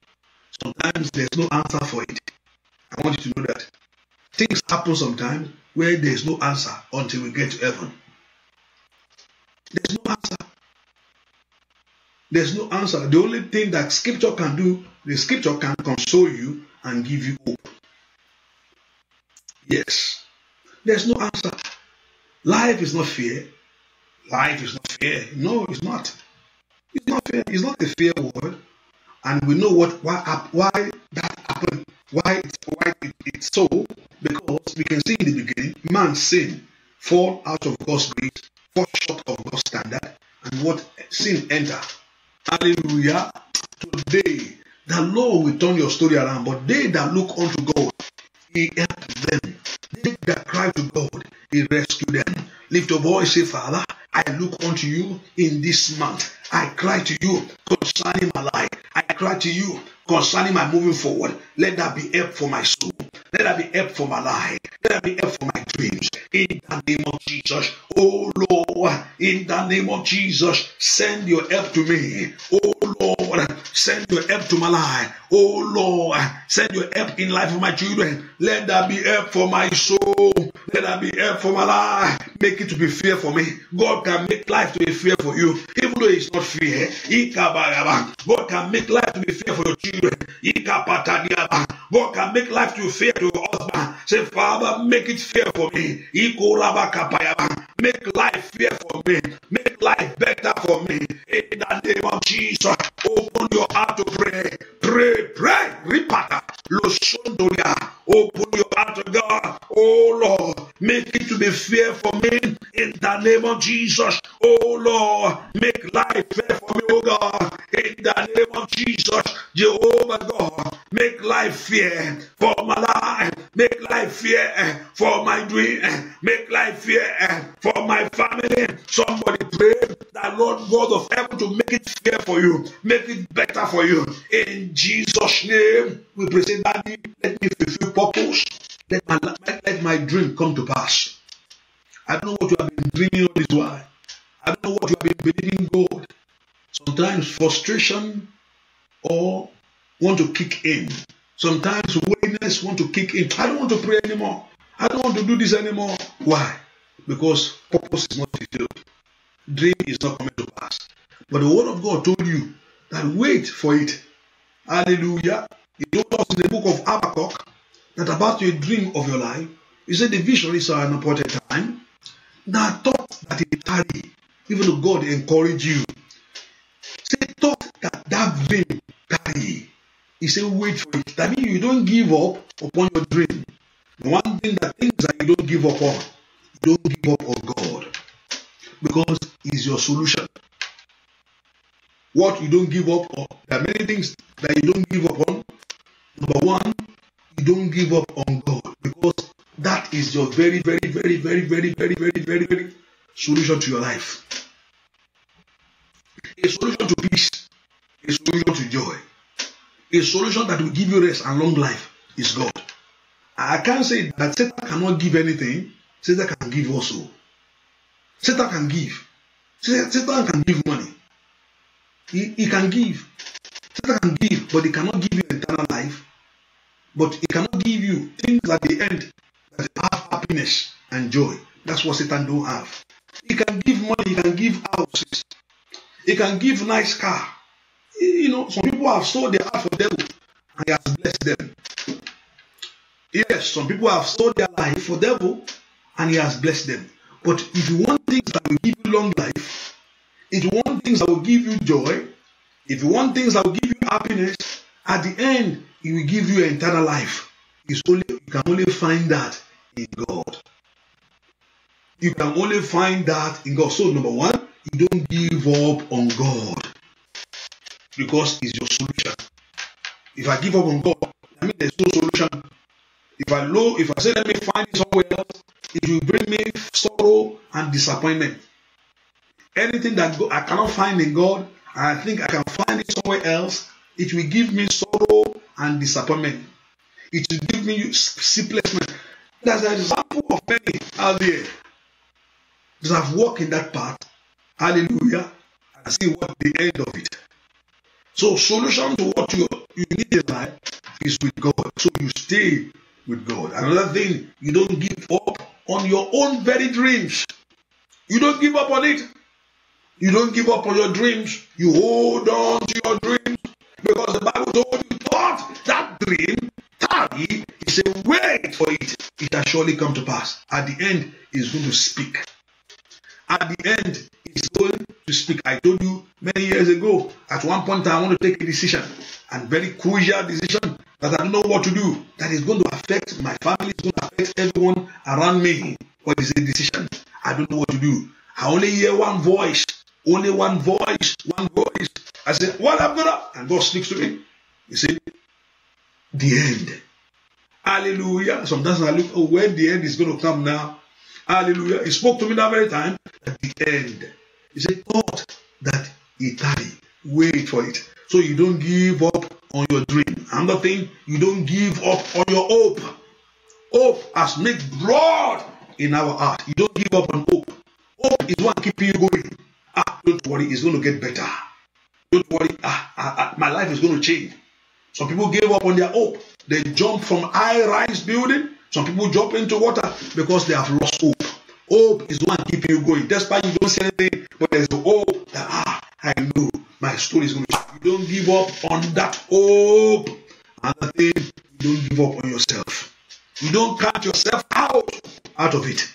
Speaker 1: Sometimes there's no answer for it. I want you to know that. Things happen sometimes where there is no answer until we get to heaven. There's no answer. There's no answer. The only thing that scripture can do, the scripture can console you and give you hope. Yes. There's no answer. Life is not fair. Life is not fair. No, it's not. It's not fair. It's not a fair world. And we know what why, why that Why, why it, it's so? Because we can see in the beginning, man sin, fall out of God's grace, fall short of God's standard, and what sin enter. Hallelujah. Today, the Lord will turn your story around, but they that look unto God, He helped them. They that cry to God, He rescued them. Lift your voice, say, Father, I look unto you in this month. I cry to you concerning my life. I cry to you concerning my moving forward. Let that be help for my soul. Let that be help for my life. Let that be help for my dreams. In the name of Jesus. Oh Lord, in the name of Jesus, send your help to me. Oh Lord, send your help to my life. Oh Lord, send your help in life of my children. Let that be help for my soul. Let that be hell for my life. Make it to be fear for me. God can make life to be fear for you. Even though it's not fear. God can make life to be fear for your children. God can make life to be fear to your husband. Say, Father, make it fear for me. Make life fear for me. Make life better for me. In the name of Jesus, open your heart to pray. Pray, pray. Ripata. Open your heart to God. Oh Lord. Lord, make it to be fair for me in the name of Jesus. Oh Lord, make life fair for me, oh God, in the name of Jesus. Jehovah God, make life fair for my life. Make life fair for my dream. Make life fair for my family. Somebody pray that Lord God of heaven to make it fair for you. Make it better for you. In Jesus' name, we present that let me fulfill purpose let my, let my dream come to pass. I don't know what you have been dreaming all this while. I don't know what you have been believing God. Sometimes frustration or want to kick in. Sometimes weakness want to kick in. I don't want to pray anymore. I don't want to do this anymore. Why? Because purpose is not fulfilled. Dream is not coming to pass. But the word of God told you that wait for it. Hallelujah. It told us in the book of Habakkuk that about your dream of your life, you say the vision is an important time. Now thought that it tarry, even though God encourage you. Say thought that that dream tarry. He say wait for it. That means you don't give up upon your dream. The one thing that things that you don't give up on, you don't give up on God, because He's your solution. What you don't give up on, there are many things that you don't give up on. Number one, don't give up on God because that is your very, very, very, very, very, very, very, very, very solution to your life. A solution to peace, a solution to joy, a solution that will give you rest and long life is God. I can't say that Satan cannot give anything, Satan can give also. Satan can give. Satan can give money. He, he can give. Satan can give, but he cannot give you eternal life. But it cannot give you things at the end that have happiness and joy. That's what Satan don't have. He can give money, he can give houses, he can give nice car. You know, some people have sold their heart for devil and he has blessed them. Yes, some people have sold their life for devil and he has blessed them. But if you want things that will give you long life, if you want things that will give you joy, if you want things that will give you happiness, at the end, he will give you eternal life. It's only, you can only find that in God. You can only find that in God. So, number one, you don't give up on God because it's your solution. If I give up on God, I mean, there's no solution. If I low, if I say, let me find it somewhere else, it will bring me sorrow and disappointment. Anything that I cannot find in God, I think I can find it somewhere else, it will give me sorrow and disappointment. It will give me sleeplessness. That's an example of many out there that have walked in that path. Hallelujah. And see what the end of it. So solution to what you, you need in life is with God. So you stay with God. Another thing, you don't give up on your own very dreams. You don't give up on it. You don't give up on your dreams. You hold on to your dreams because the Bible told you that, dream, tarry, he said, wait for it. It has surely come to pass. At the end, he's going to speak. At the end, he's going to speak. I told you many years ago, at one point I want to take a decision, and very crucial decision that I don't know what to do, that is going to affect my family, it's going to affect everyone around me. What is the decision? I don't know what to do. I only hear one voice, only one voice, one voice. I say, what I'm gonna, and God speaks to me. He said, the end. Hallelujah. Sometimes I look, oh, when the end is going to come now. Hallelujah. He spoke to me that very time at the end. He said, thought that he tarried. Wait for it. So you don't give up on your dream. Another thing, you don't give up on your hope. Hope has made broad in our heart. You don't give up on hope. Hope is what keeping you going. Ah, don't worry, it's going to get better. Don't worry, ah, ah, ah, my life is going to change. Some people gave up on their hope. They jump from high-rise building. Some people jump into water because they have lost hope. Hope is the one keeping you going. That's why you don't see anything, but there's hope that ah, I know my story is going to. You don't give up on that hope. Another thing, you don't give up on yourself. You don't count yourself out out of it.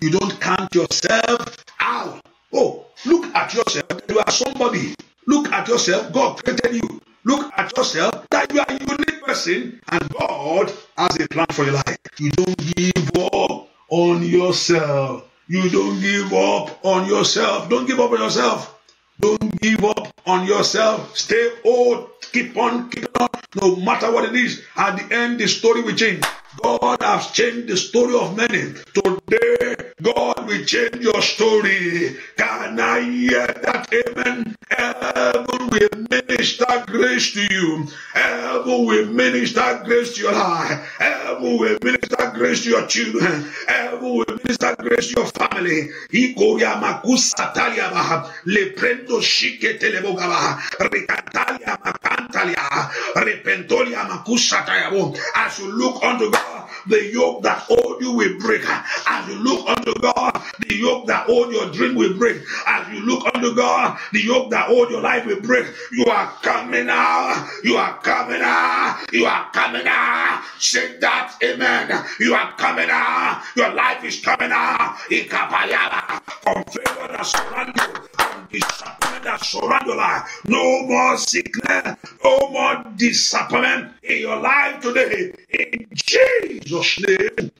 Speaker 1: You don't count yourself out. Oh, look at yourself. You are somebody. Look at yourself. God created you. Look at yourself that you are a unique person and God has a plan for your life. You don't give up on yourself. You don't give up on yourself. Don't give up on yourself. Don't give up on yourself. Stay old. Keep on, keep on. No matter what it is, at the end, the story will change. God has changed the story of many. Today, God will change your story. Can I hear that? Amen. Heaven will minister grace to you. Heaven will minister grace to your life. Heaven will minister grace to your children. Heaven will minister grace to your family. Ikoria makusa talia baha. Le prendo shike teleboga baha. Rikatalia makantalia. Repentolia makusa tayabo. As you look unto God, the yoke that hold you will break. As you look unto God, the yoke that hold your dream will break. As you look unto God, the yoke that hold your life will break. You are coming out. You are coming out. You are coming out. Say that, amen. You are coming out. Your life is coming out. Ikapayala. From favor that surround you. From disappointment that surround your life. No more sickness. No more disappointment in your life today. In Jesus' name,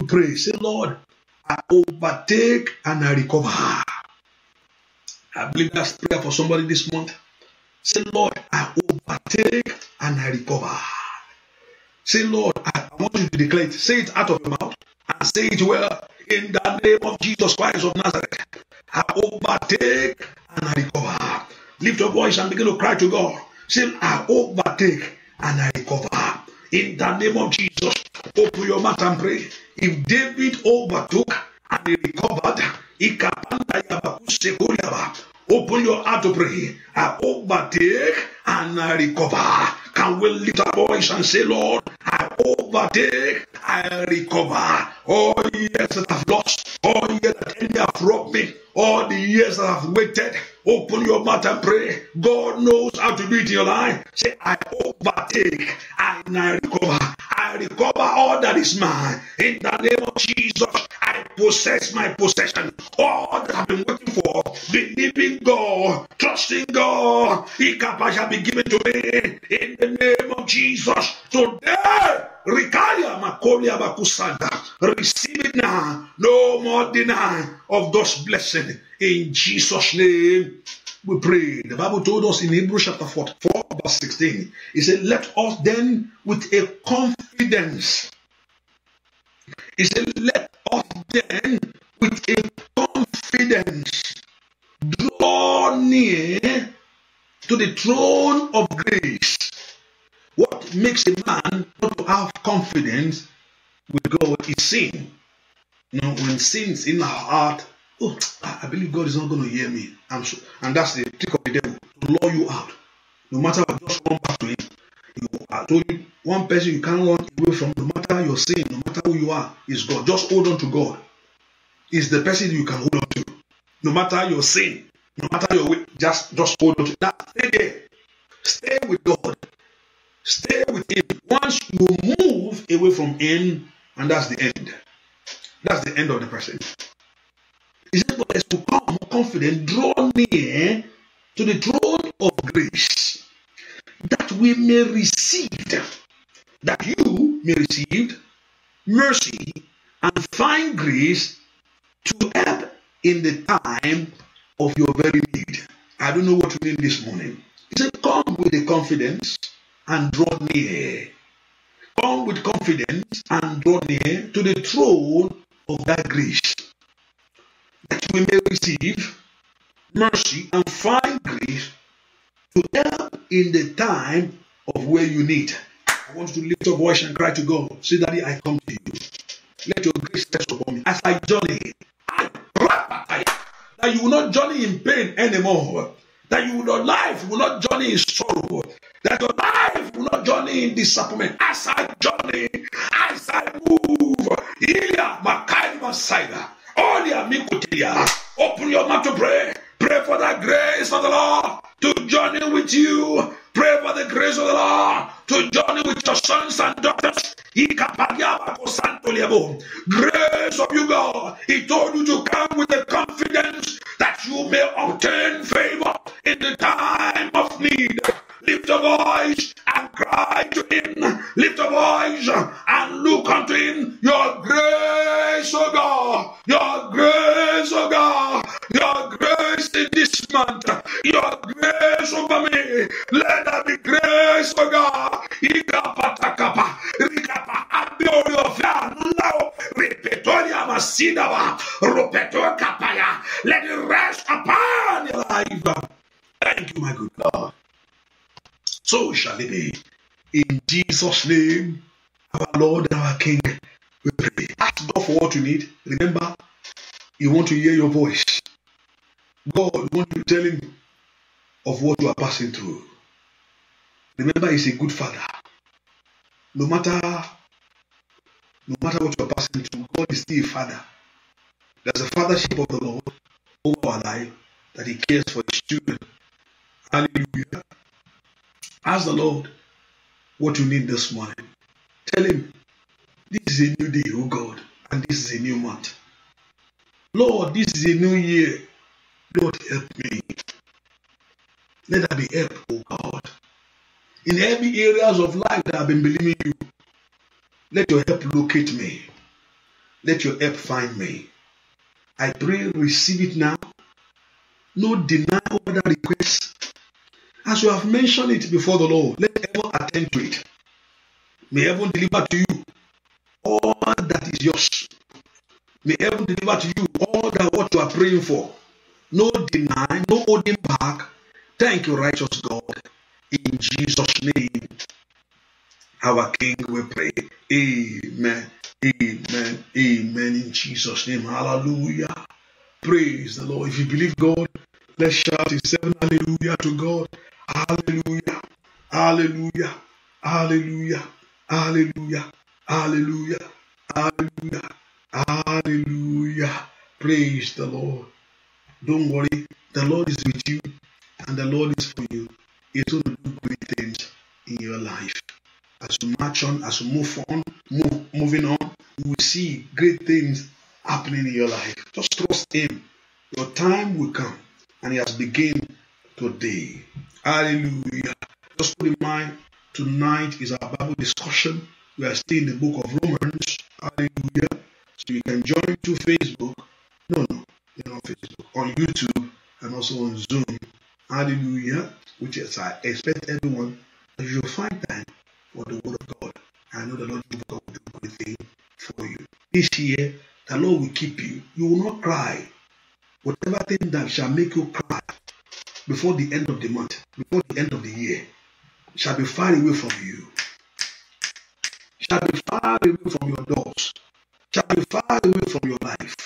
Speaker 1: we pray. Say, Lord, I overtake and I recover. I believe that's prayer for somebody this month. Say, Lord, I overtake and I recover. Say, Lord, I want you to declare it. Say it out of your mouth and say it well in the name of Jesus Christ of Nazareth. I overtake and I recover. Lift your voice and begin to cry to God. Say, I overtake and I recover. In the name of Jesus, open your mouth and pray. If David overtook and he recovered, Open your heart to pray. I overtake and I recover. Can we lift our voice and say, Lord, I overtake, I recover. All years that I've lost, all years that i have robbed me, all the years that I've waited, Open your mouth and pray. God knows how to do it in your life. Say, I overtake and I recover. I recover all that is mine. In the name of Jesus, I possess my possession. All that I've been waiting for, believing God, trusting God, Ikapa shall be given to me. In the name of Jesus, today. Rikaya Makolia Receive it now. No more denying of those blessings. In Jesus' name, we pray. The Bible told us in Hebrews chapter four, verse 16, He said, Let us then with a confidence. He said, Let us then with a confidence draw near to the throne of grace. What makes a man not to have confidence with God is sin. You know, when sin's in our heart, oh, I believe God is not going to hear me. I'm sure. And that's the trick of the devil to lure you out. No matter what, just come back to it. You are told you, one person you can't run away from, no matter your sin, no matter who you are, is God. Just hold on to God. Is the person you can hold on to. No matter your sin, no matter your way, just, just hold on to that. Stay there. Stay with God. Stay with Him. Once you move away from Him, and that's the end. That's the end of the person. He said, But as to come confident, draw near to the throne of grace, that we may receive, that you may receive mercy and find grace to help in the time of your very need. I don't know what to mean this morning. He said, Come with the confidence and draw near. Come with confidence and draw near to the throne of that grace. that we may receive mercy and find grace to help in the time of where you need. I want you to lift your voice and cry to God. Say, Daddy, I come to you. Let your grace rest upon me. As I journey, I pray that you will not journey in pain anymore. That your life will not journey in sorrow. That your life will not journey in disappointment. As I journey, as I move, Ilya Makai Messiah. All your mikutia. Open your mouth to pray. Pray for the grace of the Lord to journey with you. Pray for the grace of the Lord to journey with your sons and daughters. Grace of you, God. He told you to come with the confidence that you may obtain favor in the time of need. Lift a voice and cry to him. Lift a voice and look unto him. Your grace, O oh God. Your grace, O oh God. Your grace in this month. Your grace over me. Let there be grace, O oh God. Sidawa, Ropeto Kapaya. Let it rest upon your life. Thank you, my good God. So shall it be. In Jesus' name, our Lord and our King, we pray. Ask God for what you need. Remember, you want to hear your voice. God wants to tell him of what you are passing through. Remember, he's a good father. No matter no matter what you're passing through, God is still a father. There's a fathership of the Lord over our life that He cares for His children. Hallelujah. Ask the Lord what you need this morning. Tell Him, This is a new day, oh God, and this is a new month. Lord, this is a new year. Lord, help me. Let there be help, oh God. In every areas of life that I've been believing you, Let your help locate me. Let your help find me. I pray, receive it now. No deny other request, As you have mentioned it before the Lord, let heaven attend to it. May heaven deliver to you all that is yours. May heaven deliver to you all that what you are praying for. No deny, no holding back. Thank you, righteous God. In Jesus' name. our King, we pray. Amen. Amen. Amen. In Jesus' name. Hallelujah. Praise the Lord. If you believe God, let's shout a seven hallelujah to God. Hallelujah. Hallelujah. Hallelujah. Hallelujah. Hallelujah. Hallelujah. Hallelujah. Praise the Lord. Don't worry. The Lord is with you and the Lord is for you. He's going to do great things in your life as we march on, as we move on, move, moving on, you will see great things happening in your life. Just trust Him. Your time will come, and He has begun today. Hallelujah. Just put in mind, tonight is our Bible discussion. We are still in the book of Romans. Hallelujah. So you can join to Facebook. No, no, not Facebook, on YouTube, and also on Zoom. Hallelujah. Which is I expect everyone, if you find time, for the word of God. I know the Lord will do great thing for you. This year, the Lord will keep you. You will not cry. Whatever thing that shall make you cry before the end of the month, before the end of the year, shall be far away from you. Shall be far away from your doors. Shall be far away from your life.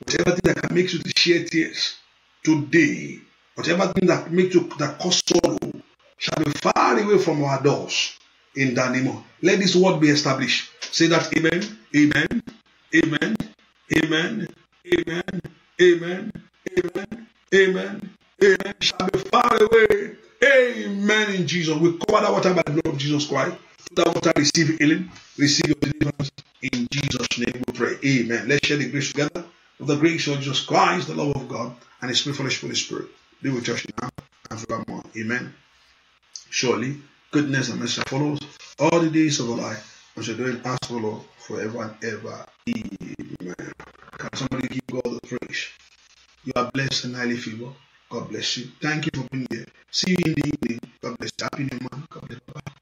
Speaker 1: Whatever thing that can make you to shed tears today, whatever thing that makes you that cause sorrow, shall be far away from our doors in the name of. Let this word be established. Say that amen, amen, amen, amen, amen, amen, amen, amen, amen. Shall be far away. Amen in Jesus. We cover that water by the blood of Jesus Christ. That water receive healing, receive your deliverance. In Jesus' name we pray. Amen. Let's share the grace together of the grace of Jesus Christ, the love of God, and His Spirit, Holy Spirit. Be with us now and forevermore. Amen. Surely goodness and mercy follows all the days of our life, and shall do it us, for Lord, forever and ever. Amen. Can somebody give God the praise? You are blessed and highly favored. God bless you. Thank you for being here. See you in the evening. God bless you. Happy New Month. God bless you.